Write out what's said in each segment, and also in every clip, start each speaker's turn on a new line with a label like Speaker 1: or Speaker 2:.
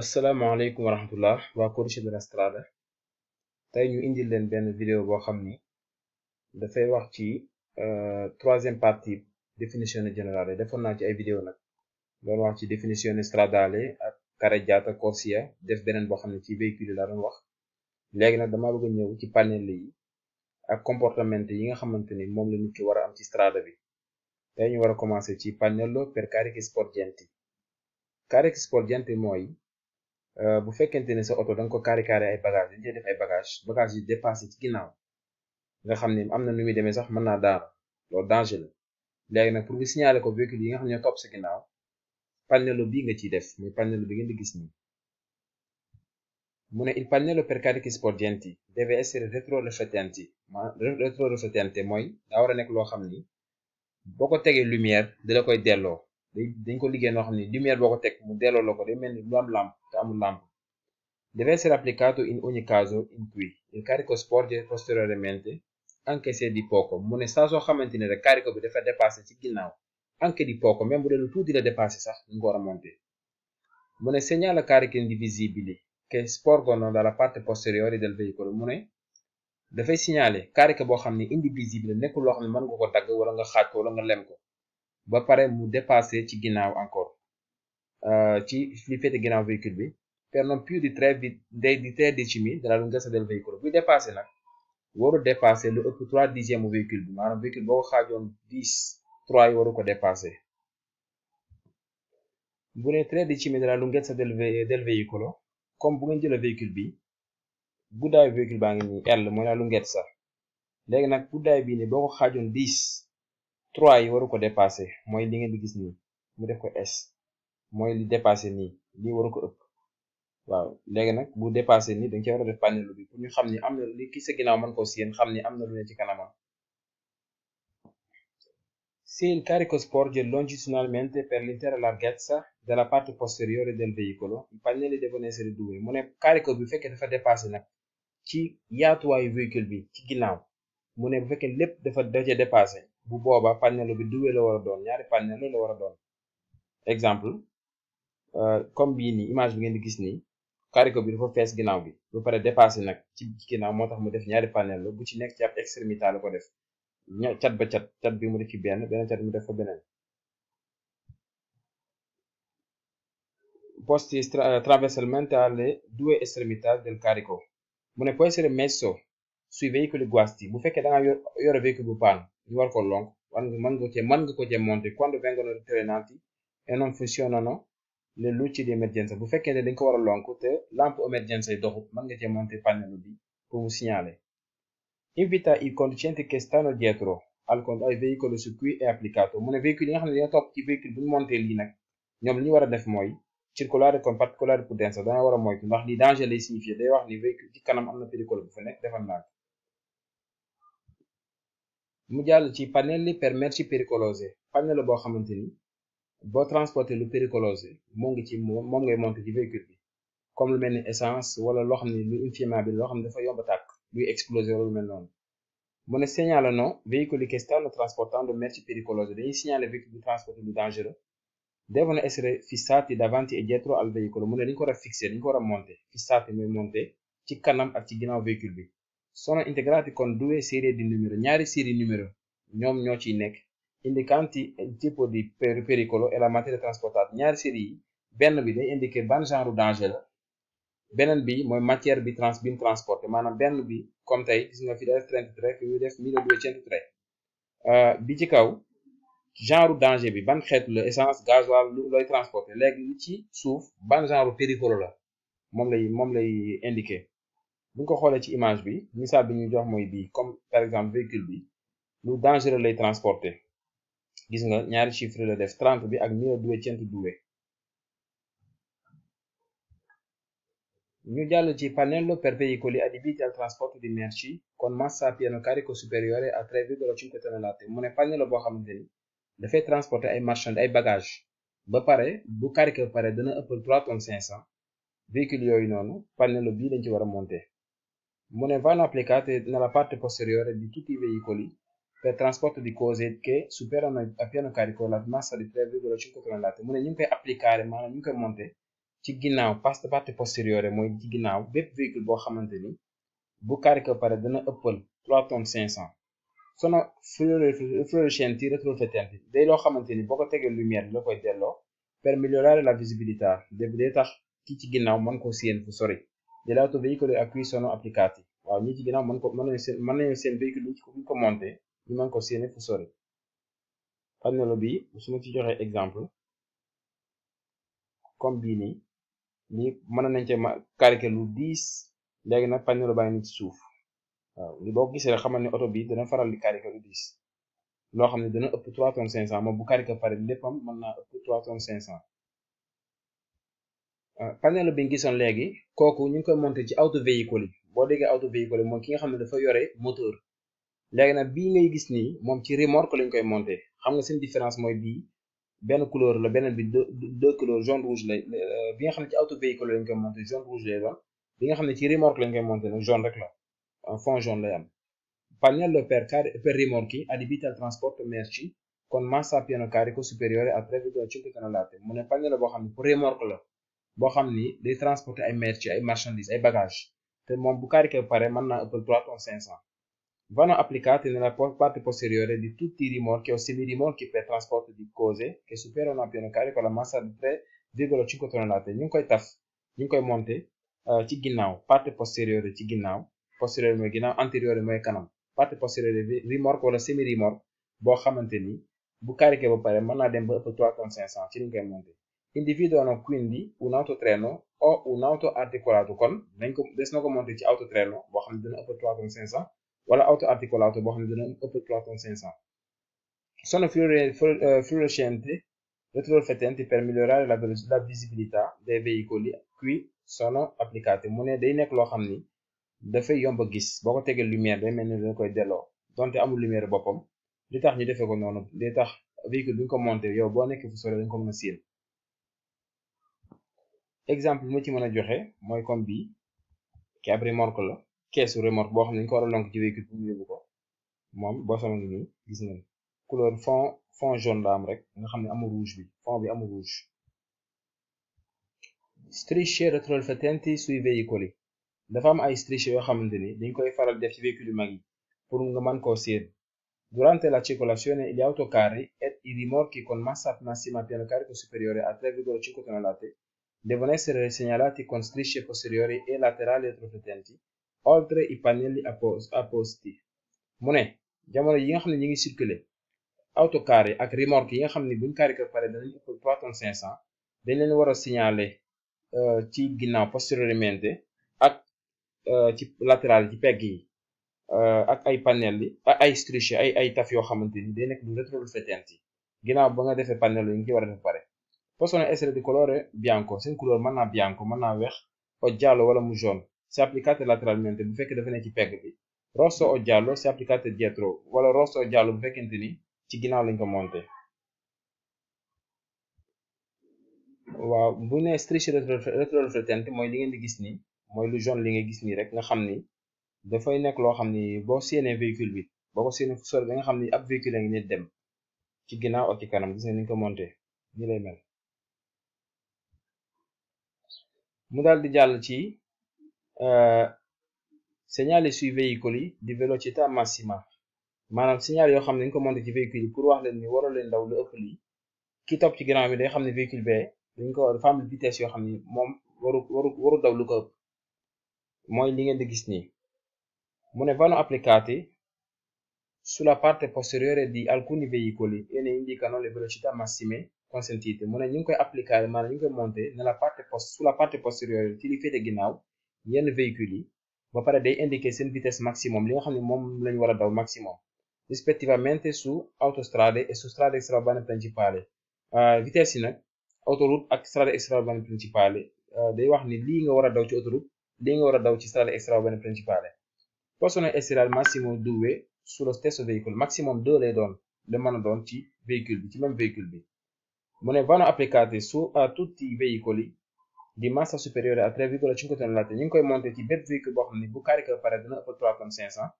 Speaker 1: asalaamaaleykum wa rahmatullah waa Corniche de la Strada tey ñu indil leen benn vidéo boo xam ni dafay wax ci euh, troisième partie définition générale defoon naa ci ay vidéo nag doon wax ci définition stradale ak carreggiata corsia def beneen boo xam ne ci véhicule la doon wax léegi nag dama bëgg a ñëw ci panel yi ak comportement yi nga xamante ni moom la nit ki war a am ci strada bi tey ñu war a commencer ci pannello per carichi sporgenti carichi sporgenti mooy Euh, bu fekkente ne sa oto da nga ko carré carré ay bagage dañ cey def ay bagage bagage yi dépassé ci ginnaaw nga xam ne am na nu muy demee sax mën naa daanu loolu danger la léegi nag pour nga signaler ko véhicule yi nga xam ne topp sa ginnaaw pannello bii nga ciy def muy pannello bi ngeen di gis nii mu ne il pannello per carichi sporgenti deve essere retroriflettenti ma retroriflettente mooy daa war a nekk loo xam ni boo ko tegee lumière da la koy delloo day dañ ko liggéey noo xam ne lumière boo ko teg mu delloo la ko day mel ni lu am làmp te amul làmp deve essere applicato in ogni caso in cui il carico sporge posteriormente anche se di poco mu ne saa soo xamante ne rek carico bi dafa dépassé ci ginnaaw anche di poco même bu dee lu tuuti la dépassé sax ñu ko war a monté mu ne segnala carichi indivisibili che sporgono dalla parte posteriore del veicolo mu ne dafay signalé carico boo xam ne indivisibile nekkul loo xam ne mën nga ko wala nga xaaj ko wala nga lem ko ba pare mu dépassé ci ginnaaw encore euh, ci li féete ginnaaw véhicule bi pernom più di tre di di tre decimi della lunghezza del veicolo buy dépassé nag waru dépassé lu ëpp trois dixième mu véhicule bi maanaam véhicule boo ko xaajoon dix trois yi waru ko dépassé bu ne tre decimi della lunghezza del del veicolo comme bu ngeen jëlee véhicule bi guddaayu véhicule baa ngi nii L mooy la lunghezza léegi nag guddaay bii nii boo dix trois yi waru ko dépassé mooy li ngeen di gis nii mu def ko S mooy li dépassé nii lii waru ko ëpp waaw léegi nag bu dépassé nii dañ ci war a def panelu bi pour ñu xam ni am na li ki sa ginnaaw mën ko seen xam ni am na lu ne ci kanamam Se il carico sporge longitudinalmente per l'intera larghezza della parte posteriore del veicolo, i pannelli devono essere due. mu ne carico bi bu fekkee dafa dépassé nag ci yaatuwaayu véhicule bi ci ginnaaw mu ne bu fekkee lépp dafa daje dépassé bu booba pannello bi duwe la war a doon ñaari pannello la war a doon exemple euh, comme bii nii image bi ngeen di gis nii carico bi dafa fees ginnaaw bi ba pare dépassé nag ci ginnaaw moo tax mu def ñaari pannello bu ci nekk ca ab extrémité ko def ña cat ba cat cat bi mu def ci benn beneen cat mu def fa beneen posti euh, trasversalmente alle due estremità del carico mu ne può essere messo sui veicoli guasti bu fekkee da nga yore bu paan ñu war ko lonk man nga mën nga cee mën nga ko cee monter quando vengono ritornanti e non funzionano le luci di emergenza bu fekkee ne dañ ko war a lonk te lampe emergenza yi doxut man nga cee monter pannello bi pour mu signaler invita i conducenti che stanno dietro al ai veicoli su cui è applicato mu ne véhicule i nga xam ne dañoo ci véhicule bu ñu monter lii ñoom li ñu war a def mooy circolare con particolare prudenza dana war a ndax lii danger lay signifier day wax ni véhicule ci kanam am na mu jàll ci pannelli per merci pericolose pannello boo xamante ni boo transporté lu pericolose moo ngi ci moom ngay monté ci véhicule bi comme lu mel ni essence wala loo xam ne lu infiammabile bi loo xam ne dafa yomb tàkk luy explosé wala lu mel noonu mu ne no non véhicule di stanno trasportando merci pericolose dañuy signalé véhicule bi transporté lu dangereux devono essere fissati davanti e dietro al veicolo mu ne dañu ko war a fixé dañu ko war a monté fissati mooy ci kanam ak ci ginnaaw véhicule bi sono integrati con due serie di numéro ñaari serie numéro ñoom ñoo ciy nekk indicanti il eh, tipo di péricolo e la materia trasportata ñaari série yi benn bi day indiquer ban genre danger la beneen bi mooy matière bi trans bi transporté maanaam benn bi comme tey gis nga fi def 33 fi ñu def euh, bi ci kaw genre danger bi ban xeet la essence gasoil lu transporté léegi ci suuf ban genre pericolo la moom lay moom lay indiquer bu ko xoolee ci image bi misaal bi ñu jox mooy bii comme par exemple véhicule bi lu dangereux lay transporter gis nga ñaari chiffre la def trente bi ak mille duwe ñu jàll ci pannello per veicoli adibiti al trasporto di merci con massa pieno carico superiore a tre virgola cinque tonnellate mu ne pannello boo xam ni dafay transporter ay marchandises ay bagages ba pare bu carico ba pare dana ëppal trois tonnes cinq cent véhicule yooyu noonu pannello bi lañ ci war a Monevano applicate nella parte posteriore di tutti i veicoli per trasporto di cose che superano a pieno carico la massa di 3,5 tonnellate. Munenimpe applicare maanaam ñu koy monté ci ginnaaw past parte postérieure mooy ci ginnaaw bépp véhicule boo xamante ni bu carico pare dana ëppal 3 tonnes 500 sono fluorescenti retroriflettenti de loo xamante ni boo ko tegee lumière la koy delloo per migliorare la visibilità def day tax ki ci ginnaaw mën ko séen fu sori gelato véhicule e appui sono applicati waaw ñi ci dinaa man ko man nañu seen mën nañu seen véhicule bi ñu ko monté ñu mën ko séene fu sori panneau bi su ma ci joxee exemple comme bii nii lii mën nañ cee ma calquer lu diis léegi nag panneau baa ngi ci suuf waaw li boo ko gisee rek xamal ne oto bi dana faral di calquer lu diis loo xam ne dana ëpp 3 tonnes 500 moom bu calquer pare léppam mën naa ëpp 3 tonnes 500 Euh, panel bi nga gisoon léegi kooku ñu ngi koy monté ci auto véhicule yi boo déggee auto véhicule yi mooy ki nga xam ne dafa yore moteur léegi nag bii ngay gis ni moom ci remorque lañ koy monté xam nga seen différence mooy bii benn couleur la beneen bi deux couleurs jaune rouge la euh, bi nga xam ne ci auto véhicule lañ koy monté jaune rouge xam ne ci remorque lañ koy monté nag jaune rek la en fond jaune lay am pannello per carri per rimorchi adibito al trasporto merci con massa piano carico superiore a 3,5 tonnellate mu ne pannello boo xam ne pour remorque la boo xam ni day transporter ay merci ay marchandises ay bagages te moom bu cariche bu pare mën naa ëppal trois tonnes cinq cent vanno applicate nella parte posteriore di tutti i rimorchi o semirimorchi per trasporto di cose che superano a pieno carico la massa di ñu ngi koy taf ñu ngi koy monter euh, ci ginnaaw parte posteriore ci ginnaaw posteriore mooy ginnaaw antérieur mooy kanam parte posteriore rimorque wala semi rimorque boo xamante ni bu cariche ba pare man naa dem ba ëpp 3 tonnes 500 ci liñ koy monter individuano quindi un autotreno o un auto articolato kon nañ ko des na ko monté ci boo xam ne dina ëpp 3 tonnes 500 wala auto articolato boo xam ne dina ëpp 3 tonnes 500 sono euh, fluorescenti retroriflettenti per migliorare la la visibilità dei veicoli sono applicati mu ne day nekk loo xam ni dafay yomb a gis boo ko tegee lumière day mel ni dañ koy delloo donte amul lumière boppam li tax ñu defee ko noonu day tax véhicule bi ko monté yow boo nekkee fu sore dañ ko mën a exemple bi ci mën a joxe mooy comme bii ki ab remorque la keesu remorque boo xam ne dañu ko war a lonk ko moom boo gis na couleur fond fond jaune la am rek nga xam ne amul rouge bi fond bi amul rouge strisce retroriflettenti sui veicoli dafa am ay strisce yoo xamante ni dañ koy faral def ci véhicule yu mag yi pour nga mën koo séen Durante la circolazione gli autocarri ed i rimorchi con massa massima piano carico superiore a 3,5 tonnellate devono essere segnalati con strisce posteriori e laterali retrofletenti, oltre i pannelli appos appositi. mu ne jamono yi nga xam ne ñu ngi circuler auto carré ak remorque yi nga xam ne buñ carré pare danañ ëpp 3 tonnes 500 dañ leen war a signaler euh, ci ginnaaw posteriormente ak euh, ci latéral ci pegg yi euh, ak ay panel yi ak ay strisce ay ay taf yoo xamante ni day nekk du rétroreflétente yi ginnaaw ba nga defee panel yi nga ci war pare possono essere di colore bianco, seen couleur mën naa bianco mën naa weex o giallo wala mu jaune se applicate lateralmente bu fekkee dafa ne ci pegg bi rosso o giallo se applicate dietro wala rosso o bu fekkente ni ci ginnaaw lañ ko monte waaw bu ne strisce rétroriflettente mooy li ngeen di gis ni mooy lu jaune li nga gis nii rek nga xam ni dafay nekk loo xam ni boo séenee véhicule bi boo ko séenee fu sore nga xam ni ab véhicule a ngi nit dem ci ginnaaw ak ci kanam gis nga ni ñu ko monte ni lay mel mu daal di jàll ci segnali sui veicoli di velocità massima maanaam signal yoo xam ne dañ ko monté ci véhicule yi pour wax leen ni waroo leen daw lu ëpp lii ki topp ci ginnaaw bi day xam ne véhicule bee dañ ko dafa am vitesse yoo xam ni moom waru waru waru daw lu ko ëpp mooy li ngeen di gis nii mu ne vanno applicati sulla parte posteriore di alcuni veicoli e ne indicano le velocità massime consentivité mu ne ñu ngi koy appliquer maanaam ñu ngi koy monter ne la partie post sous la partie postérieure ci li féete ginnaaw yenn véhicules yi ba pare day indiquer seen vitesse maximum li nga xam ne moom lañu war a daw maximum rispettivamente su autostrade e su strade extraurbane principale euh, vitesse yi nag autoroute ak strade extraurbane principale euh, day wax ni lii nga war a daw ci autoroute lii nga war a daw ci strade extraurbane principale possono essere al massimo due sullo stesso veicolo maximum deux lay doon la mën a doon ci véhicule bi ci même véhicule bi Mone vanno applicate su a tutti i veicoli di massa superiore a 3,5 tonnellate ñu ngi koy monté ci bépp véhicule boo xam ne bu carré ba pare dina ëppal 3 tonnes 500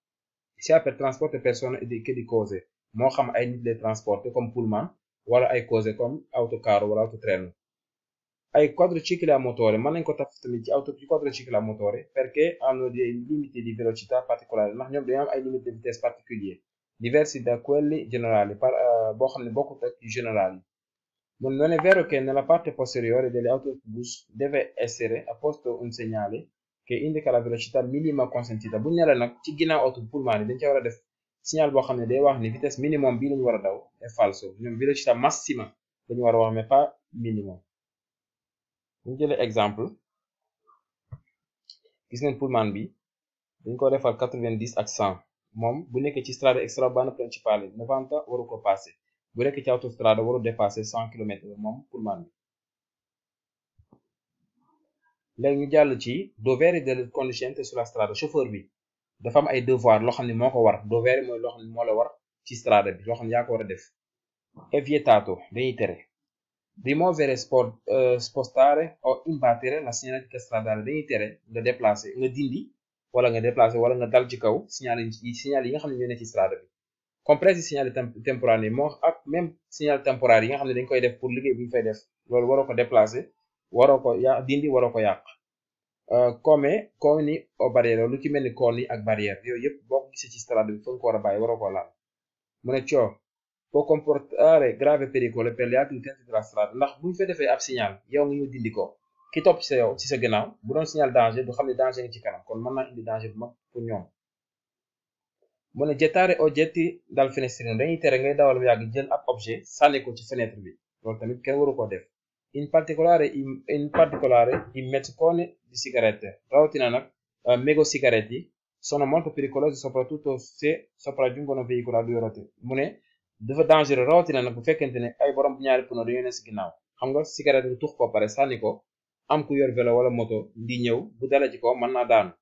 Speaker 1: sia per transporter personne et di que di causé moo xam ay nit lay transporter comme pullman wala ay causé comme autocar wala autotreno ay quadricicli a motore mën nañ ko taf tamit ci auto ci quadricicli a motore perché hanno dei limiti di velocità particolari ndax ñoom dañoo am ay limite de vitesse particulier par eh, boo xam ne bokkut général yi non è vero che nella parte posteriore dell'autobus deve essere apposto un segnale che indica la velocità minima consentita bu ñu ne la nag ci ginnaaw auto pullman yi dañ ca war a def signal boo xam ne day wax ni vitesse minimum bii lañu war a daw est falso ñoom velocità massima dañu war a wax mais pas minimum bu ñu exemple gis ngeen pullman bi dañ ko defal quatre-vingt-dix ak cent moom bu nekkee ci strade extraurbane principale novanta waru ko passé bu nekk ci autostrade waru dépasser cent kilomètres moom pour man bi léegi jàll ci dovere delle conducente sulla strada chauffeur bi dafa am ay devoir loo xam ne moo ko war dovere mooy loo xam ne moo la war ci strada bi loo xam ne yaa ko war a def e vietato dañuy tere rimuovere sport euh, spostare o imbattere la segnaletica stradale dañuy tere nga déplacer nga dindi wala nga déplacer wala nga dal ci kaw signal yi signal yi nga xam ne ñoo ne ci strada bi compresse signal temporal yi moo ak même signal temporal yi nga xam ne dañ koy def pour liggéey bu ñu fay def loolu waroo ko déplacer waroo ko ya dindi waroo ko yàq euh, comme coni o barrière lu ci mel ni cone yi ak barrière yooyu yëpp boo si gisee ci strade bi fa nga ko a ko laal mu ne coo può comportare grave pericolo per gli altri utenti della strada ndax bu ñu fa defee ab signal yow nga ñu dindi ko ki topp sa yow ci sa gannaaw bu doon signal danger du xam ne danger nga ci kanam kon mën naa indi danger bu mag pour mu ne jettaare o jetti dal fenestri dañuy tere ngay dawal bu yàgg jël ab objet sànni ko ci fenêtre bi loolu tamit kenn waru koo def in particolare in particolare i mezzicone di sigarette rawatina nag euh, mégo sigarette yi sono molto pericolose soprattutto se sopraggiungono veicoli a due ruote mu ne dafa dangereux rawatina nag bu fekkente ne ay borom ñaari pneu dañoo ne si ginnaaw xam nga cigarette bu tux ko pare sànni ko am ku yor vélo wala moto di ñëw bu dala ci ko mën naa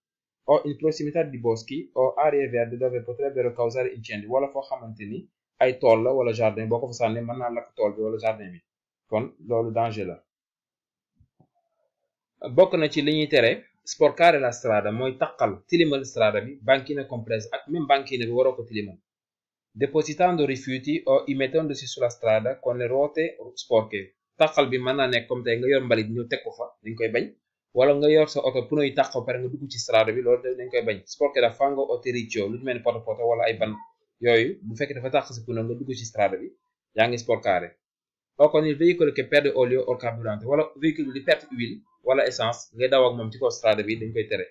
Speaker 1: o il prossimità di boschi o aree verdi dove potrebbero causare incendi wala foo xamante ni ay tool la wala jardin boo ko fa sànne mën naa lakk tool bi wala jardin bi kon loolu danger la bokk na ci li ñuy tere sporcare la strada mooy taqal tilimal strada bi banchine compresa ak même banchine bi waroo ko tilimal depositando rifiuti o immettendosi sulla strada con le ruote sporche taqal bi mën naa nekk comme tey nga yor mbalit ñu teg ko fa dañ koy bañ wala nga yor sa oto pneu yi tàq ko pare nga dugg ci strada bi loolu dañ koy bañ sporke da fango otericho lu mel ni poto poto wala ay ban yooyu bu fekkee dafa tàq sa pneu nga dugg ci strada bi yaa ngi sporcare oko ni véhicule que perde au lieu or carburante wala véhicule bi di perte huile wala essence ngay daw moom ci kaw strada bi dañ koy tere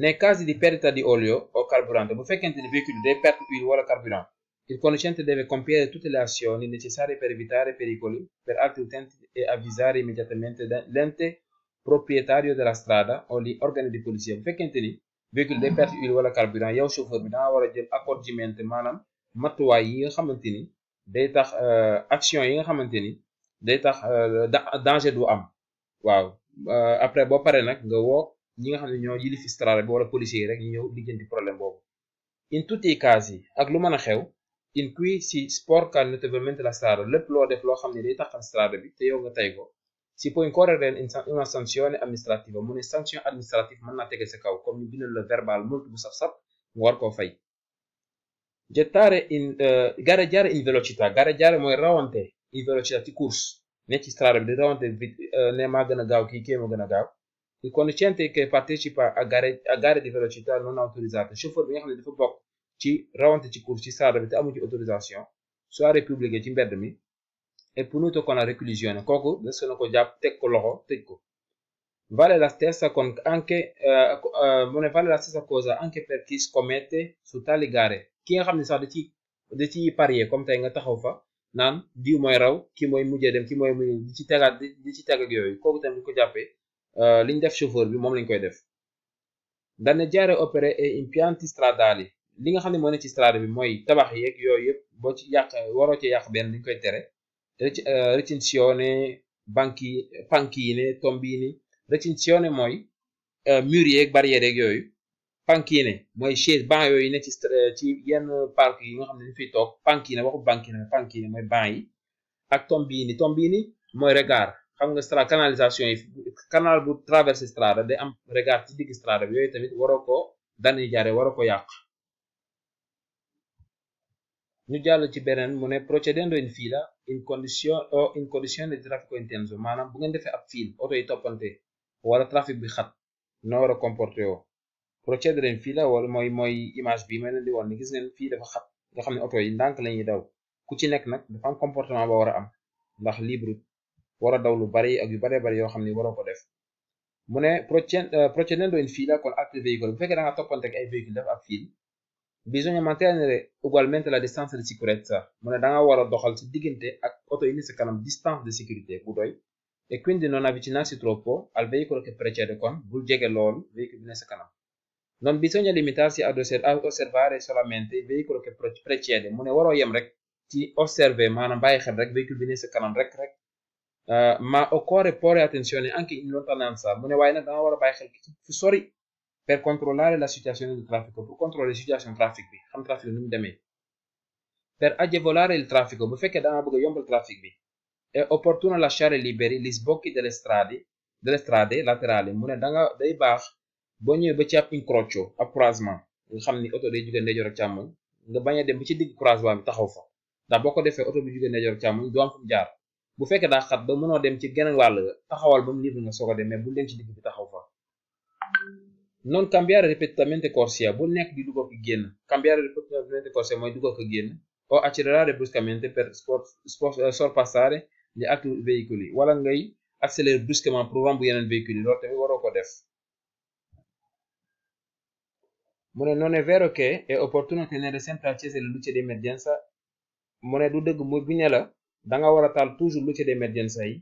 Speaker 1: ne casi di perdita di olio o carburante bu fekkente ni véhicule day perte huile wala carburant Il conoscente deve compiere tutte le azioni necessarie per evitare pericoli per altri utenti e avvisare immediatamente l'ente proprietario la strada o gli organi di polizia bu fekkente ni véhicule day perte huile wala carburant yow chauffeur bi war e a jël accorgement maanaam matuwaay yi nga xamante eh, ni day tax action yi nga xamante ni day tax eh, danger du am waaw eh, après boo pare nag nga woo ñi nga xam ne ñoo yilif strada bi wala policier yi rek ñu ñëw lijjanti problème boobu in tutti i casi yi ak lu mën a xew in cui si sporca notevolmente la strada lépp loo def loo xam ne day taxal strada bi te yow nga tey ko si può incorrere in una sanzione amministrativa mu ne sanction administrative mën naa tege sa kaw comme ñu bindal la verbal multa bu saf-saf nga war koo fay gettare in euh, gareggiare in velocità mooy rawante in velocità ci course ne ci strada bi di rawante euh, ne maa gën a gaaw kii kii ma gën a gaaw il conducente che participa a gare a gare di velocità non autorizzate chauffeur bi nga xam ne ci rawante ci course ci salle bi te amu ci autorisation soirée publique ci mbedd mi et punito con a réclusione kooku des na ko jàpp teg ko loxo teg ko vale la stessa con anche euh, euh, mu ne vale la stessa cosa anche per chi scommette su tali gare ki nga xam ne sax da ci da ci parier comme tey nga taxaw fa naan diw mooy raw ki mooy mujjee dem ki mooy mujj di ci tegaat di ci teg ak yooyu kooku tamit ko jàppee euh, li ñu def chauffeur bi moom lañ koy def danneggiare opere e impianti stradali li nga xam ne moo ne ci strada bi mooy tabax yeeg yooyu yëpp boo ci yàq waroo ci yàq benn dañ koy tere recinzione euh, banki pankine tombini recinzione mooy euh, mur yeeg barrière yeeg yooyu pankine mooy chaise banc yooyu ne ci euh, ci yenn parc yi nga xam ne dañ fiy toog pankine waxu bankine pankine mooy banc yi ak tombini tombini mooy regard xam nga strada canalisation yi canal bu traversé strada day am regard ci digg strada bi yooyu tamit waroo ko dani jaare waroo ko yàq ñu jàll ci beneen mu ne procedendo in fila in condition o euh, in condition di traffico intenso bu ngeen defee ab fiil oto yi toppante wala trafic bi xat noo war a comporté woo procedere in fila wala mooy mooy image bi ma leen di woon ni gis ngeen fii dafa xat nga xam ne oto yi ndànk la ñuy daw ku ci nekk nag dafa am comportement ba war a am ndax libre war a daw lu bari ak yu baree bari yoo xam ne waroo ko def mu ne procedendo euh, in fila kon acte véhicule bu fekkee da nga toppante ak ay bisogna mantenere ugualmente la distanza di sicurezza mu ne da nga a doxal si diggante ak oto yi ni sa kanam distance di sécurité bu doy e quindi non avvicinarsi troppo al veicolo che precede con bul jege lool veicolo bi ne sa kanam non bisogna limitarsi ad osservare solamente il veicolo che precede mu ne waroo yem rek ci osserver maanaam bàyyi xel rek veicolo bi ne sa kanam rek rek euh, ma occorre porre attenzione anche in lontananza mu ne waaye a per controllare la situazione del traffico, bu contrôler situation trafic bi xam trafic bi nu mu demee per agevolare il traffico bu fekkee danga bëgg a yombal trafic bi è opportuno lasciare liberi gli sbocchi delle strade delle strade laterali mu ne danga day baax boo ñëwee ba ci ab incrocio ab croisement nga xam ni oto day jóge ndeyjoor ak càmmoñ nga bañ a dem ba ci digg croisement bi taxaw fa ndax boo ko defee oto bi jóge ndeyjoor ak càmmoñ du am jaar bu fekkee daa xat ba mënoo dem ci geneen wàll taxawal ba mu libre nga soog bi taxaw fa non cambiare ripetutamente corsia bu nekk di dugg ak génn cambiare ripetutamente corsia mooy dugg ak génn o accelerare bruscamente per eh, sorpassare gli altri veicoli wala ngay accéléré brusquement pour romb yeneen véhicule yi te tamit waroo ko def mu ne non è vero che è opportuno tenere sempre accese le luci di mu ne du dëgg mu bi ne la da war a taal toujours luci di emergenza yi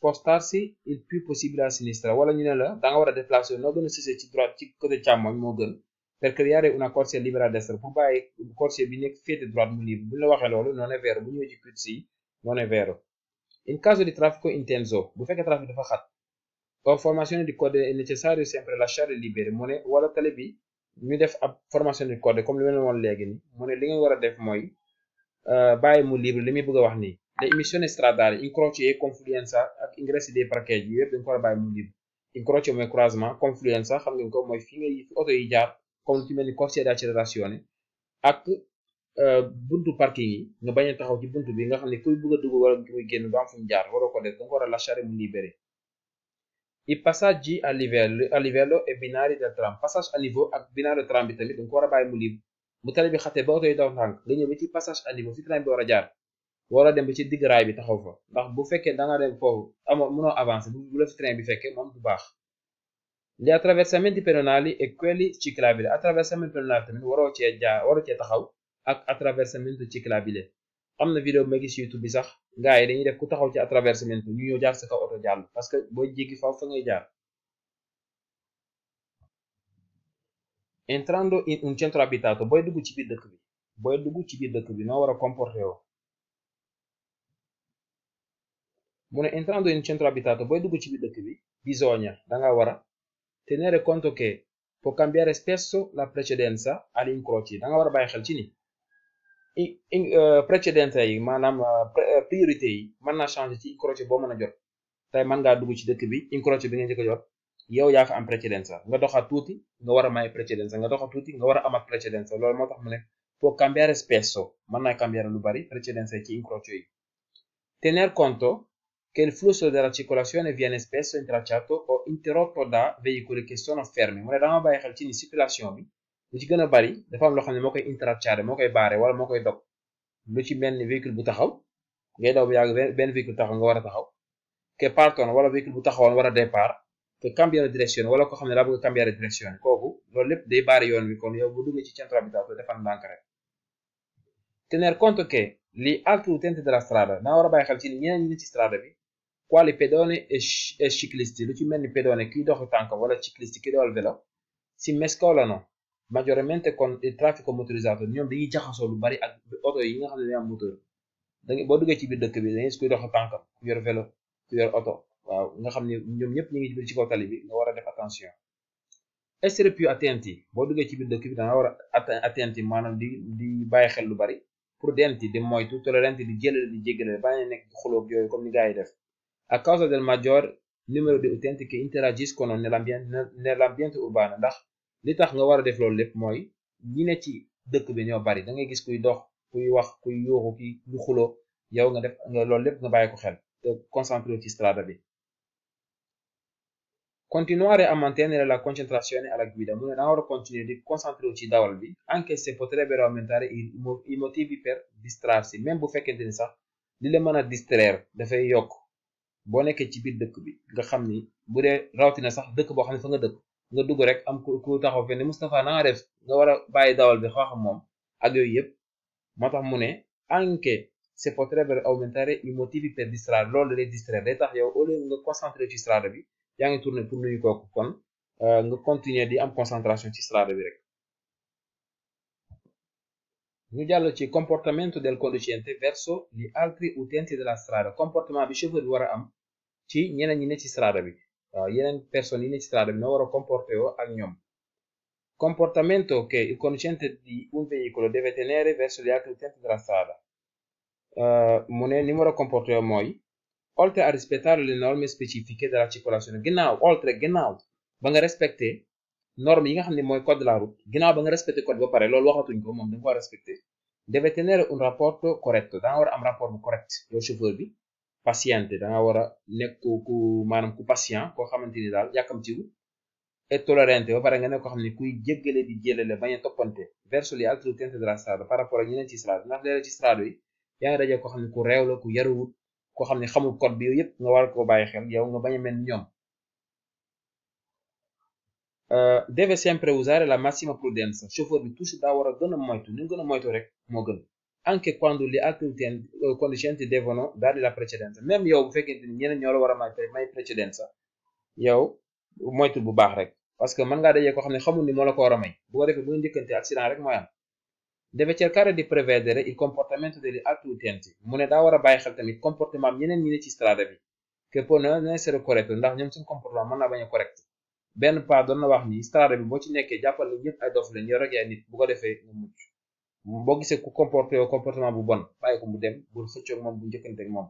Speaker 1: postarsi il plus possibile à wala ñu ne la da nga war a déplacer noo ci droite ci côté moo gën per creare una corsia libera a destra pour bàyyi corsia bi nekk féete la waxee loolu non è bu ñëwee ci cursi non è vero in caso di traffico intenso bu fekkee trafic dafa xat o formazione di code è necessario sempre lasciare libere mu ne wala tali bi ñu def ab formation di code comme li ma woon léegi ni mu ne li nga war a def mooy euh, bàyyi mu libre li muy bëgg a wax nii le emissioni stradali, incroci e confluenza ak ingressi dei parcheggi yooyu yëpp dañ ko war a bàyyi mu libre incrocio mooy croisement confluenza ko mooy fi ngay oto yi jaar comme lu ci mel ni corsia ak euh, buntu parking yi nga bañ taxaw ci buntu bi nga xam ne kuy bëgg a dugg wala muy génn du am fu jaar waroo ko def da nga war a lasciare mu libero i passaggi a livello a livello e binari del tram passage à niveau ak binaire de tram bi tamit da nga ko war a bàyyi mu libre bu tali bi ba oto yi daw ndànk nga ñëw ba fi tram a jaar wala dem ba ci digg raay bi taxaw fa ndax bu fekkee da nga dem foofu amoo mënoo avancer bu la fi train bi fekkee moom du baax li attraversamenti pedonali e quelli ciclabili attraversamenti pedonali tamit waroo cee jaar waroo cee taxaw ak attraversamento ciclabile am na vidéo bu ma gis YouTube bi sax gars yi dañuy def ku taxaw ci attraversamento ñu ñëw jaar sa kaw oto jàll parce que boo jéggi faaw fa ngay jaar entrando in un centro abitato booy dugg ci biir dëkk bi booy dugg ci biir dëkk bi noo war a comporter woo mu ne entrando in centro abitato booy dugg ci biir dëkk bi bisogna danga war a tenere conto che può cambiare spesso la precedenza all'incrocio danga war a bàyyi xel eh, eh, ci ni précédence yi maanaam priorité yi mën naa changer ci incrocio boo mën a jot tey mën ngaa dugg ci dëkk bi incrocio bi nga njëkk a jot yow yaa fa am précédence nga doxa tuuti nga war a may précédence nga doxa tuuti nga war a amaat précédence loolu moo tax mu ne può cambiare spesso mën naa bari précédence yi ci incrocio yi che il flusso della circolazione viene spesso intralciato o interrotto da veicoli che sono fermi mu ne dama bàyyi xel ci ni circulation bi lu ci gën a bari dafa loo xam ne moo koy intralciare moo koy baare wala moo koy dog lu ci mel ni véhicule bu taxaw ngay daw bu yàgg benn véhicule taxaw nga war a taxaw que parton wala véhicule bu taxawoon war a départ que cambier de direction wala ko xam ne daa bëgg cambier de direction kooku loolu lépp day baare yoon bi kon yow bu duggee ci centre abitato defal ndànk a bàyyi xel ci ni ñeneen quali pedoni e ciclisti lu ci mel ni pedone kiy doxi tànk wala ciclisti ki dawal vélo si mescolano majormente kon il traffico motorizzato ñoom di dañuy jaxasoo lu bari ak oto yi nga xam ne dañu am moteur danga boo duggee ci biir dëkk bi dañuy kuy doxi tànkam ku yor vélo ku yor oto waaw nga xam ne ñoom ñëpp ñu ngi ci biir ci kaw bi nga war a def attention essere più attenti boo duggee ci biir dëkk bi danga war a attenti maanaam di di bàyyi xel lu bari prudenti di moytu tolleranti di jëlale di jéggale bañ a nekk xulóog yooyu comme ni gaa yi def a causa del maggior numero di utenti che interagiscono nell'ambiente urbano ndax li tax nga war a def loolu lépp mooy ñi ne ci dëkk bi ñoo bari da ngay gis kuy dox kuy wax kuy yuuxu ki lu xuloo yow nga def nga loolu lépp nga bàyyi ko xel te concentré ci strada bi continuare a mantenere la concentrazione alla guida mu ne da nga war a continuer di concentré ci dawal bi anche se potrebbero aumentare i motivi per si même bu fekkente ni sax li la mën a distraire dafay yokk boo nekkee ci biir dëkk bi nga xam ni bu dee rawatina sax dëkk boo xam ne fa nga dëkk nga dugg rek am ku ku taxaw fe ne Moustapha na nga def war bàyyi dawal bi xawaxam moom ak yooyu yëpp moo tax mu ne anche se potrebbero aumentare i motivi per distrarre loolu lay distraire day tax yow au lieu nga concentré ci strada bi yaa ngi tourné pour nuyu kooku kon euh, nga continuer di am concentration ci strada bi rek ñu jàll ci comportamento del conducente verso gli altri utenti della strada comportement bi chauffeur bi war a ci ñeneen ñi ne ci strada bi waaw yeneen personnes yi ne ci strada bi noo war a comporté woo ak ñoom comportamento che il conducente di un veicolo deve tenere verso gli altri utenti della strada eh, mu ne ni mu war a comporté woo mooy oltre a rispettare le norme specifiche della circolazione ginnaaw oltre ginnaaw ba nga respecté norme yi nga xam ni mooy code de la route ginnaaw ba nga respecté code ba pare loolu waxatuñ ko moom da nga ko respecté deve tenere un rapporto corretto da war am rapport bu correct yow chauffeur bi patiente da nga war a nekk ku ku ku patient koo xamante ni daal yàkkamtiwu et tolérante ba pare nga nekk koo xam ne kuy jéggale di jélale bañ a toppante verso li altri tente della strada par rapport ak ñeneen ci strada ndax léeg yi yaa ngi daje koo xam ne ku réew ku yaruwut koo xam ne xamul code bi yooyu yëpp nga war koo bàyyi xel yow nga bañ a mel ni ñoom euh, deve sempre usare la massima prudenza chauffeur bi toujours daa war a gën a moytu ni gën a moytu rek moo gën anche quando le altre eh, conducenti devono dare la precedenza même yow bu fekkente ni ñeneen ñoo la war a may may precedenza yow moytu bu baax rek parce que mën ngaa dajee ko xam ne xamul ni moo la ko war a may bu ko defee bu ñu njëkkante accident rek mooy am deve cercare di prevedere il comportamento degli altri utenti mu ne daa war a bàyyi xel tamit comportement ñeneen ñi ne ci strada bi que pour ne ne sera correct ndax ñoom seen comportement mën na wax ni strada bi boo ci nekkee jàppal ne bu ko defee boo gisee ku comporté yow comportement bu bon bàyyi ko mu dem bul xëccoog moom bu njëkkante ak moom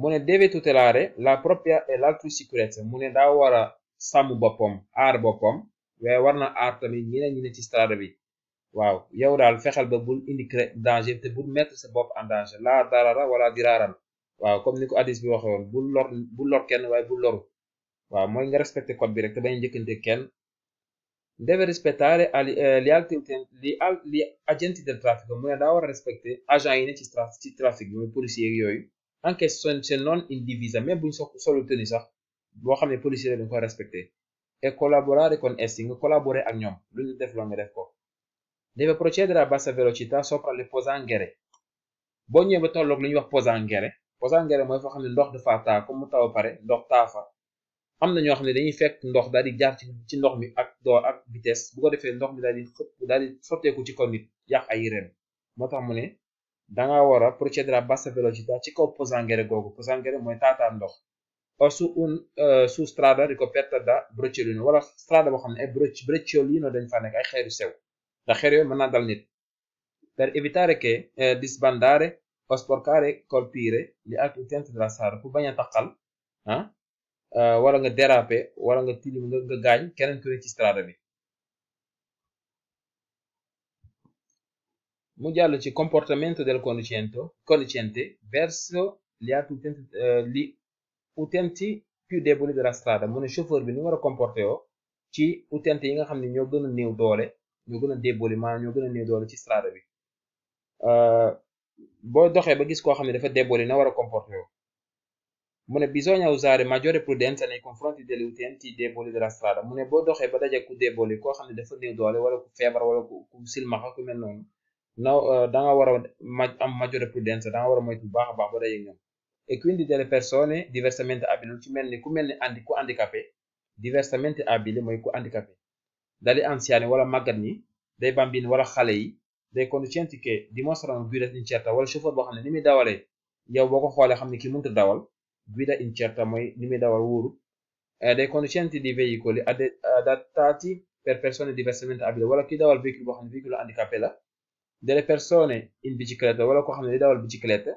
Speaker 1: mu ne deve tutelare la propria e l'altrui sicurezza mu ne daa war a sàmm boppam aar boppam waaye war na aar tamit ñeneen ñi ci strada bi waaw yow daal fexeel ba bu indi danger te bul mettre sa bopp en danger la darara wala diraaran waaw comme ni ko bi waxee woon lor kenn waaye bul loru waaw mooy nga respecté code bi rek te bañ njëkkante deve rispettare le, altre, le agenti del traffico, în mâna oară respecte ajaine ah, ce, traf, ce trafic, polisierioi, anche se non in divisa, même bun solo sax boo xam ne policier dañ ko respecté e collaborare con essi, nga collaborare ak ñoom lu ñu def la nga def ko. deve procedere a bassa velocità sopra le pozzanghere boo ñëwee ba tolloog lu ñuy wax pozzanghere pozzanghere mooy foo xam ne ndox dafa taa comme mu taw pare ndox taa fa am na ñoo xam ne dañuy fekk ndox daal di jaar ci ndox mi ak door ak vitesse bu ko defee ndox mi daal di xëpp ci kaw nit yàq ay reen moo tax mu ne danga war a procédere a bassa velocità ci kaw pozzanghere googu pozzanghere mooy taataan ndox o su un euh, su strada ricoperta da brecciolino wala strada boo xam ne ay brecciolino dañ fa nekk ay xeeru sew ndax xeer yooyu mën naa dal nit per evitare che euh, disbandare o sporcare colpire li altri utenti della strada pour bañ a ah, Euh, wala nga déraper wala nga tilim nga nga gaañ keneen ku ne ci strada bi mu jàll ci comportamento del conducente conducente verso gli altri utenti euh, li utenti de deboli della strada mu ne chauffeur bi ni war a comporté yoo ci utenti yi nga xam ne ñoo gën a néew doole ñoo gën a déboli maanaam ñoo gën a néew doole ci strada bi euh, boo doxee ba gis koo xam ne dafa déboli na war a comporté yoo mu ne bisogna usare maggiore prudenza nei confronti degli utenti deboli della strada mu ne boo doxee ba daje ku deboli koo xam ne dafa néew wala ku feebar wala ku ku silmaxa ku mel noonu na eh, da nga war a ma am maggiore prudenza da war a moytu bu baax baax ba daje ñoom e quindi delle persone diversamente ci mel ni ku mel ni andi ku handicapé diversamente abili mooy ku handicapé dali anziani wala màggat ñi dai bambini wala xale yi dai conducenti che dimostrano guida incerta wala chauffeur boo xam ne ni muy dawalee yow boo ko xoolee xam ne kii mënut a dawal guida incerta mai dawar wuru euh, dei conducenti di veicoli adattati per persone diversamente abili wala ki dawal véhicule boo xam ne véhicule handicapé la delle persone in bicicletta wala koo xam ne di dawal biciclette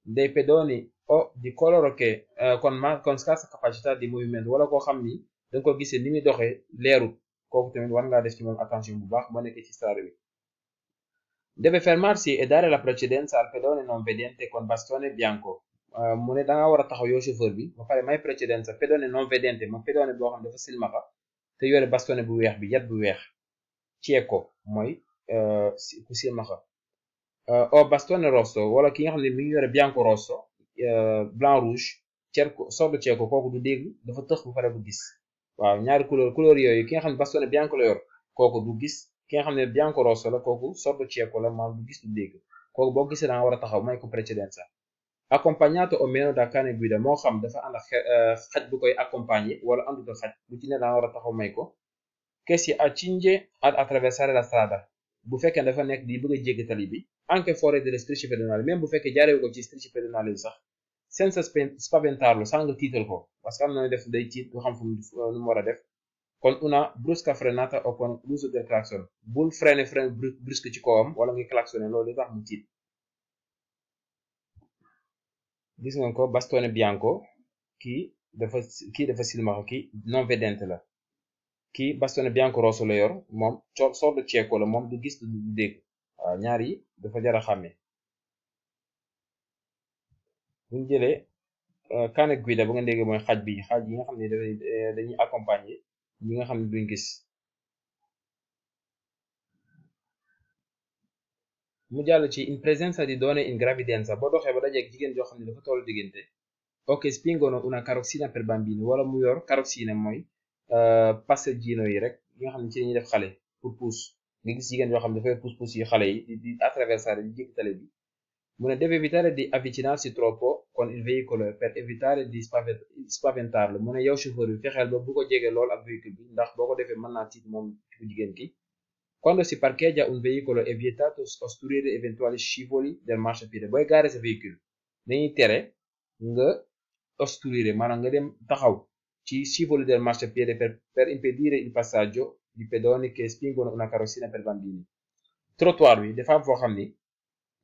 Speaker 1: dei pedoni o di coloro che euh, con ma con scarsa capacità di movimento wala koo xam ni danga ko gisee ni muy doxee leerut kooku tamit war ngaa def ci moom attention bu baax ba nekkee ci strada bi deve fermarsi e dare la precedenza al pedone non vedente con bastone bianco Euh, mu ne da war a taxaw yow chauffeur bi ba pare may precedenza pedone non vedente ma pedone boo xam dafa silmaxa te yore bastone bu weex bi yat bu weex cieco mooy euh, ku silmaxa euh, o bastone rosso wala ki nga xam ne mi ngi yore bianco rosso blanc rouge cerco sordo cieco kooku du dégg dafa tëx bu pare bu gis waaw ñaari couleur couleur yooyu ki nga xam ne bastone bianco la yor kooku du gis ki nga xam ne bianco rosso la kooku sordo cieco la maanaam du gis du dégg kooku boo gisee da nga war a taxaw may ko precedenza accompagnato o menoɗa kane guida moo xam dafa ànd ak euh, xaj bu koy accompagner wala ànduta xaj bu ci ne war a taxaw may ko yi a accinge ad attraversare la strada bu fekkee dafa nekk di bëgg a jéggi tali bi anche fuori delle strisce pedonali même bu fekkee jaarewu ko ci strisce pedonali yi sax senza spaventarlo sans nga tiital ko parce que am na def day tiit du xam fu nu mu war a def kon una brusca frenata o con bul freiner frein brusque ci kawam wala nga klaxonné loolu li gis nga ko Bastone Bianco kii dafa kii dafa silmaxa ki non vedente la kii Bastone Bianco Rosso la yor moom sordo cieco la moom du gis du dégg waaw ñaar yi dafa jar a xàmme buñ jëlee Cane euh, Guida ba nga déggee mooy xaj bi xaj yi nga xam ne dafay dañuy accompagner ñi nga xam ne duñ gis mu jàll ci in presenza di donne in gravidanza boo doxee ba dajeeg jigéen joo xam ne dafa toll diggante ok spingono una carrozzina per bambini wala mu yor carrozzina mooy euh, passeggino yi rek yi nga xam ne ci dañuy def xale pour pousse ngi gis jigéen yoo xam ne dafay pousse pousse yi xale yi di attraversare di jéggi tali bi mu ne deve evitare di avvicinarsi troppo con il veicolo per evitare di spaventarlo mu ne yow chauffeur bi fexeel bo bu ko jege lool ak véhicule bi ndax boo ko defee mën naa moom jigéen ki Quando si parcheggia un veicolo è vietato ostruire eventuali scivoli marché marciapiede booy gaare sa véhicule dañuy tere nga ostruire maanaam nga dem taxaw ci scivoli del marciapiede per per impedire il passaggio di pedoni che spingono una carrozzina per bambini. trottoir bi dafa am foo xam ni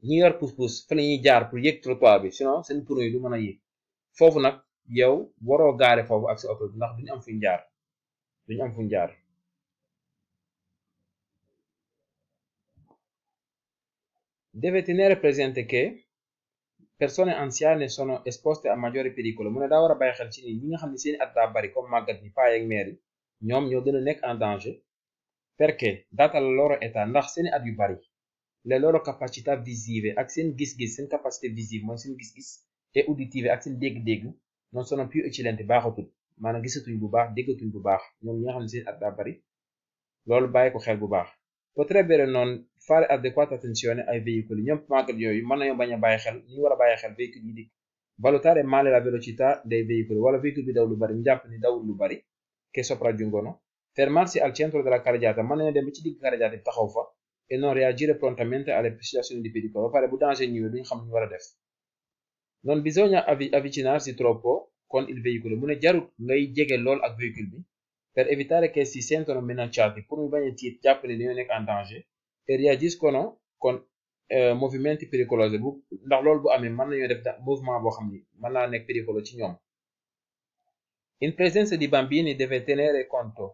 Speaker 1: ñi yor pousse-pousse fa la ñuy jaar pour yéeg trottoir bi sinon seen pneu yi du mën a yéeg foofu nag yow waroo gaare foofu ak sa oto ndax duñu am fuñ jaar duñu am fuñ jaar. deve tenere presente che persone anziane sono esposte a maggiore pericolo mu ne daa war a bàyyi xel ci ni ñi nga xam ne seeni at daa bari comme màggat ñi paa yeeg mère ñoom ñoo gën a nekk en danger perché data la loro età ndax seeni at yu bari le loro capacità visive ak seen gis-gis seen capacité visive mooy seen gis-gis et auditive ak seen dég dégg non sono più eccellenti baaxatul maanaam gisatuñ bu baax déggatuñ bu baax ñoom ñi nga xam ne seeni at bari loolu bàyyi ko xel bu baax fare adéquate attenzione ai veicoli ñoom manqué yooyu mën nañoo bañ a bàyyi xel ñu war a bàyyi xel véhicule yi di valutare male la velocità dei veicoli wala véhicule bi daw lu bari ñu ni dawul lu bari che sopraggiungono fermarsi al centro della carreggiata mën nañoo dem ba ci digg carreggiata bi taxaw fa e non reagire prontamente alle situazioni di pericolo ba pare bu danger ñëwee duñu xam ñu war a def non bisogna avvicinarsi bi per evitare che si sentano menacciati pour ñu bañ a tiit jàpp ne dañoo nekk en danger réagissent ko non kon euh, movimenti pericolosi bu ndax loolu bu amee mën nañoo def mouvement boo xam ni mën naa nekk pericolo ci ñoom in presenza di bambini deve tenere conto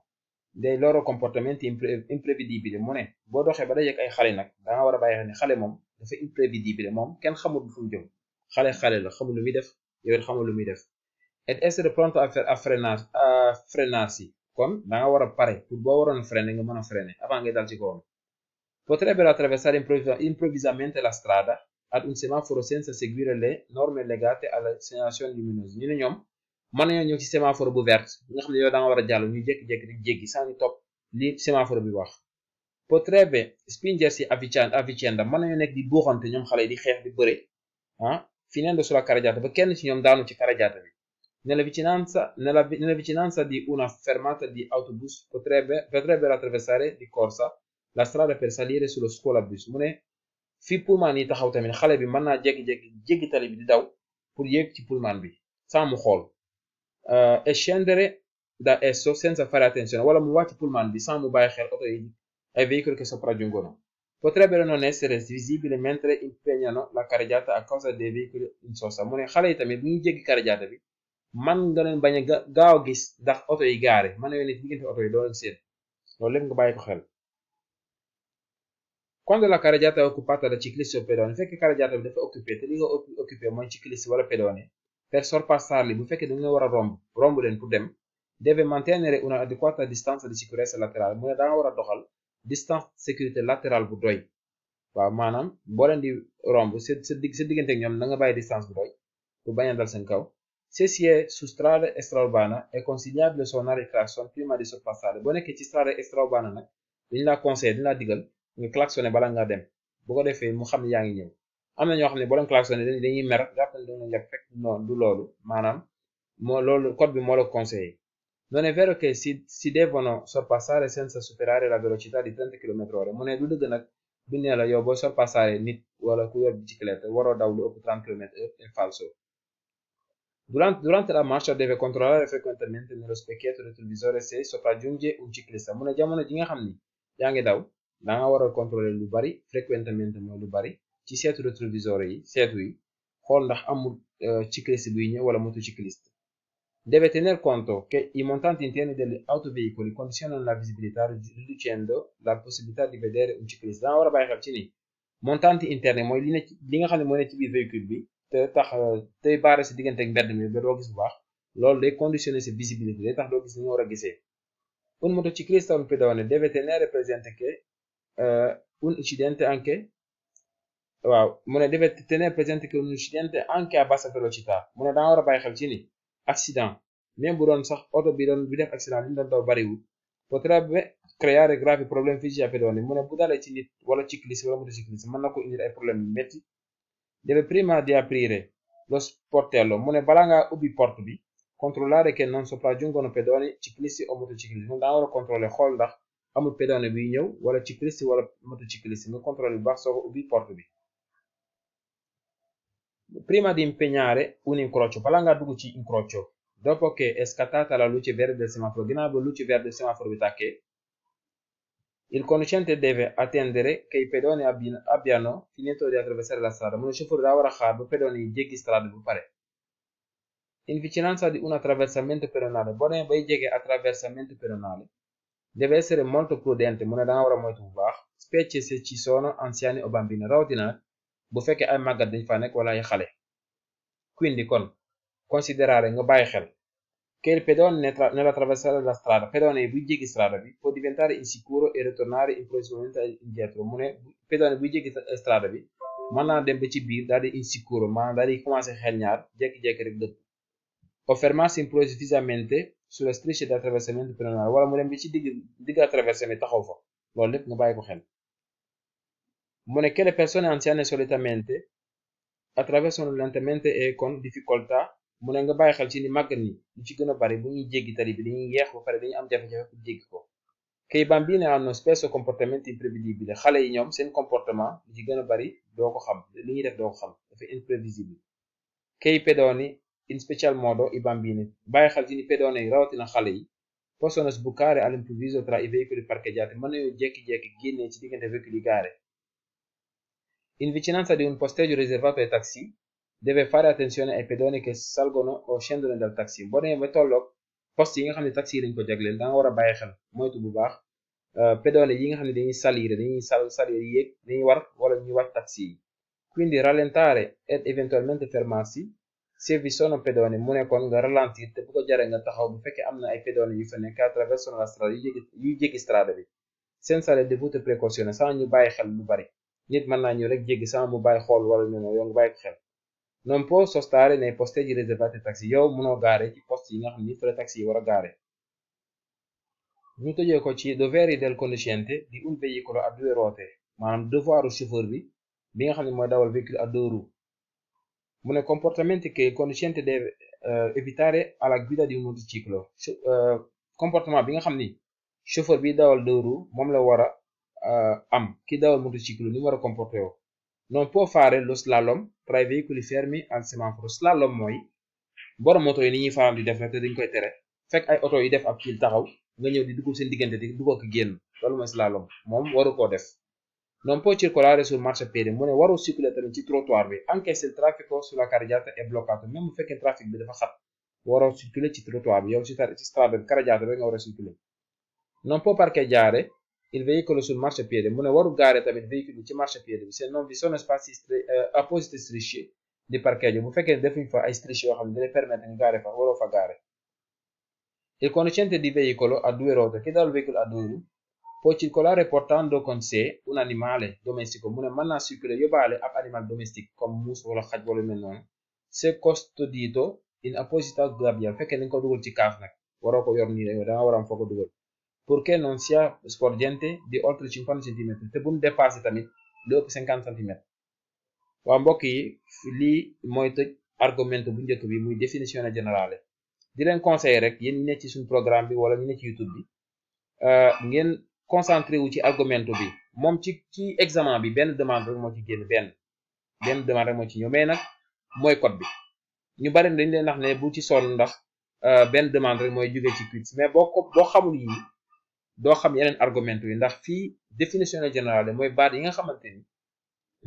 Speaker 1: dei loro comportamenti imprevedibili mu ne boo doxee ba dajeek ay xale nag danga war a bàyyi xel ni xale moom dafa imprevedibile moom kenn xamul fu mu jëm xale xale la xamul lu muy def yow it xamul lu muy def et essere pronto a frenarsi kon danga war a pour boo waroon freiner nga mën a freiner avant ngay dal potrebbero attraversare improvvisamente la strada ad un semaforo senza seguire le norme legate alla segnalazione luminosa ñu ne ñoom mën nañoo ñëw ci semaforo bu verte bi nga xam ne yow da nga war a jàll ñu jékki-jékki li semaforo bi wax potrebbe spingersi a vicenda a vicenda mën nañoo nekk di buuxante ñoom xale di xeex di bëre ah finendo sulla carreggiata ba kenn ci ñoom daanu ci carreggiata bi nella vicinanza nella, nella vicinanza di una fermata di autobus potrebbe potrebbero di corsa la strada per salire sullo scuolabus mu ne fii pullman yi taxaw tamit xale bi mën naa jékki-jékki jéggi tali bi di daw pour yéeg ci pullman bi sans mu xool e scendere da esso senza fare attenzione wala mu wàcc pullman bi sans mu bàyyi xel oto yi ai veicoli che sopraggiungono potrebbero non essere visibili mentre impegnano la carreggiata a causa dei veicoli in sosta mu ne xale yi tamit bu ñu jéggi carreggiata bi man nga leen bañ a gaaw a gis ndax oto yi gaare man nga leen diggante oto yi loolu lépp nga bàyyi ko quando la carreggiata è occupata da ciclisti o pedoni, bu fekkee carreggiata bi dafa occupé te li nga occupé mooy ciclisti wala pedoni per sorpassarli bu fekkee dañu war romb romb leen pour dem deve mantenere una adeguata distanza di sicurezza laterale mu ne da nga doxal distance sécurité latérale bu doy waaw maanaam boo di romb sa diggante ñoom na bàyyi distance bu doy pour bañ a dal seen kaw se si su strada extraurbana è consigliabile suonare il clacson prima di sorpassare nga klaxonné bala nga dem bu ko defee mu xam ne yaa ngi ñëw am na ñoo xam ne boo leen klaxonné dañuy mer jàpp ne dañu la fekk du loolu maanaam moo loolu code bi moo la conseillé non è vero che si si devono sorpassare senza superare la velocità di 30 km ore mu ne du dëgg nag bi ne la yow boo sorpassare nit wala ku yor bicicletta waroo daw lu ëpp 30 km è falso durante, durante la marcia deve controllare frequentemente nello specchietto retrovisore se sopraggiunge un ciclista mu ne jamono ji nga xam ni yaa ngi daw danga war a contrôler lu bari fréquentement mooy lu bari ci seetu rétroviseur yi seetu yi xool ndax amul euh, cycliste buy ñëw wala motocycliste deve tener conto che i montanti interni degli autoveicoli condizionano la visibilità riducendo la possibilità di vedere un cycliste danga war a bàyyi xel ci ni montanti interni mooy li ne nga xam ne mooy ne ci biir bi te tax te baare si diggante ak mbedd mi ba doo gis bu baax loolu day conditionner sa visibilité day tax doo Euh, un incidente anche waaw mu ne deve tenere presente che un incidente anche a bassa velocità mu ne danga war a bàyyi xel ci ni accident même bu doon sax oto bi doon bi def accident li mu doon daw bariwul potrebbe creare gravi problemi fisici ai pedoni mu ne bu dale ci nit wala ci cicliste wala motocicliste mën na ko indil ay problème yu metti deve prima di aprire lo sportello mu ne balaa ngaa ubbi porte bi controllare che non sopraggiungano pedoni ciclisti o motociclisti mu ne danga war a contrôler xool ndax amul pédane biy ñëw wala cycliste wala motocycliste nga contrôle bu baax soo ko ubbi porte bi prima di impegnare un incrocio balaa ngaa dugg ci incrocio dopo che è scattata la luce verde del semaforo ginnaaw ba luce verde del semaforo bi tàkkee il conducente deve attendere che i pedoni abbiano finito di attraversare la strada mu ne chauffeur daa war a xaar ba pedoni yi jéggi strada bu pare in vicinanza di un attraversamento pedonale boo demee bay jege attraversamento pedonale deve essere molto prudente mëna war a moytu bu baax specie se ci sono anziani o bambini rawatina bu fekkee ay màggat dañ fa nekk wala ay xale quindi con considerare nga bàyyi xel che il pedone nella traversare la strada pedone buy jéggi strada bi può diventare insicuro e ritornare improvvisamente indietro mu ne bu buy jéggi strada bi mën naa dem ci biir daal di insicuro maanaam daal di commencé xel ñaar jékki-jékki rek dëpp o fermarsi improvvisamente su la strisce d' attraversament péronal wala mu dem bi ci digg digg attraversement taxaw fa loolu lépp nga bàyyi ko xel mu ne che le persone anziane solitamente attraversano lentamente e con difficoltà mu ne nga bàyyi xel ci ni màgg ni lu ci gën a bari bu ñuy jéggi tali bi dañuy yeex ba pare dañuy am jafe-jafe pour jéggi ko kay bambini hanno spesso comportamenti imprevedibili xale yi ñoom seen comportement lu ci gën a bari doo ko xam li ñuy def doo ko xam dafa imprévisible in special modo i bambini. Bàyyi xel ci ni pedone yi rawatina xale yi possono sbucare all'improvviso tra i veicoli parcheggiati mën nañu jekki-jekki génnee ci diggante veicoli In vicinanza di un posteggio riservato ai taxi deve fare attenzione ai pedoni che salgono o scendono dal taxi boo ba tolloog poste yi nga xam ne taxi yi lañ ko jagleel da nga war a xel moytu bu baax euh, pedoni yi nga xam ne dañuy salire dañuy sal salire yéeg dañuy war wala ñuy wàcc yi service zone pédone mu nekkoon nga ralentir te bu ko jaree nga taxaw bu fekkee am na ay pédone yu fa nekk à travers zone yu jéggi strada bi seen sale de voûte précautionné sans ñu bàyyi xel lu bari nit mën naa ñëw rek jéggi sans mu bàyyi xool wala ñu ne yow nga bàyyi ko xel non po sostare nei posteggi riservati ai taxi yow mënoo gaare ci poste yi nga xam ni fa taxi yi war a gaare ñu tëjee ko ci doveri del conducente di un veicolo a due ruote maanaam devoiru chauffeur bi bi nga xam ne mooy dawal véhicule à mu ne comportamenti che conducente deve uh, evitare la guida di un motociclo eh, comportement bi nga xam ni chauffeur bi dawal deux roues moom la war a eh, am ki dawal motociclo ni mu war a comporté woo non può fare lo slalom tra i veicoli fermi al semaforo slalom mooy borom moto yi ni ñuy faral di def te dañ koy tere fek ay oto yi def a pile taxaw nga ñëw di dugg seen diggante di dugg ak génn loolu mooy slalom moom waru koo def non po circolare sul marciapiede mu ne waroo circuler tamit ci trottoir bi anche se il traffico sulla è bloccato même bu fekkee trafic bi dafa xat waroo circuler ci trottoir bi yow ci ci strada bi carreggiata bi nga war non può parcheggiare il veicolo sul marciapiede mu ne waru gaare tamit véhicule bi ci marciapiede bi se non vi sono spazi eh, apposite strisce di parcheggio bu fekkee defuñ fa ay strisce yoo xam ne dina permettre nga gaare fa waroo fa gaare il conducente di veicolo a due ruote chi dà il a due può circolare portando con sé un animale domestico mu ne mën naa circuler yóbbaale ab animal domestique comme muus wala xaj wala mel noonu se custodito in apposita gabbia fekkee dañ ko dugal ci kaaf nag waroo ko yor nii da nga war a am foo ko dugal pour que di oltre cinquanta centimetri te bu mu dépassé tamit lu ëpp cinquante centimètres waa mbokk yi lii mooy tëj argument bu njëkk bi muy définition générale di leen conseiller rek yéen ñi ne programme bi wala ñu ne concentré wu ci argumento bi moom ci ci examen bi benn demande rek moo ci génn benn benn demande rek moo ci ñëw mais nag mooy code bi ñu bari dañ leen wax ne bu ci sonn ndax euh, benn demande rek mooy jóge ci quiz mais boo ko boo xamu yi doo xam yeneen argumento yi ndax fii définition générale mooy baat yi nga xamante ni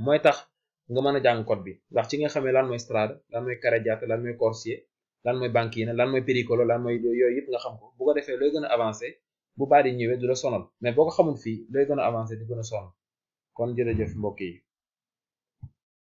Speaker 1: mooy tax nga mën a jàng code bi ndax ci nga xamee lan mooy strada lan mooy carreggiata lan mooy corsia lan mooy banchina lan mooy pericolo lan mooy yooyu yëpp xam ko bu defee looy gën a avancé bu baat yi ñëwee du la sonal mais boo ko xamul fii looy gën a avancer di gën a sonal kon jërëjëf mbokk yi.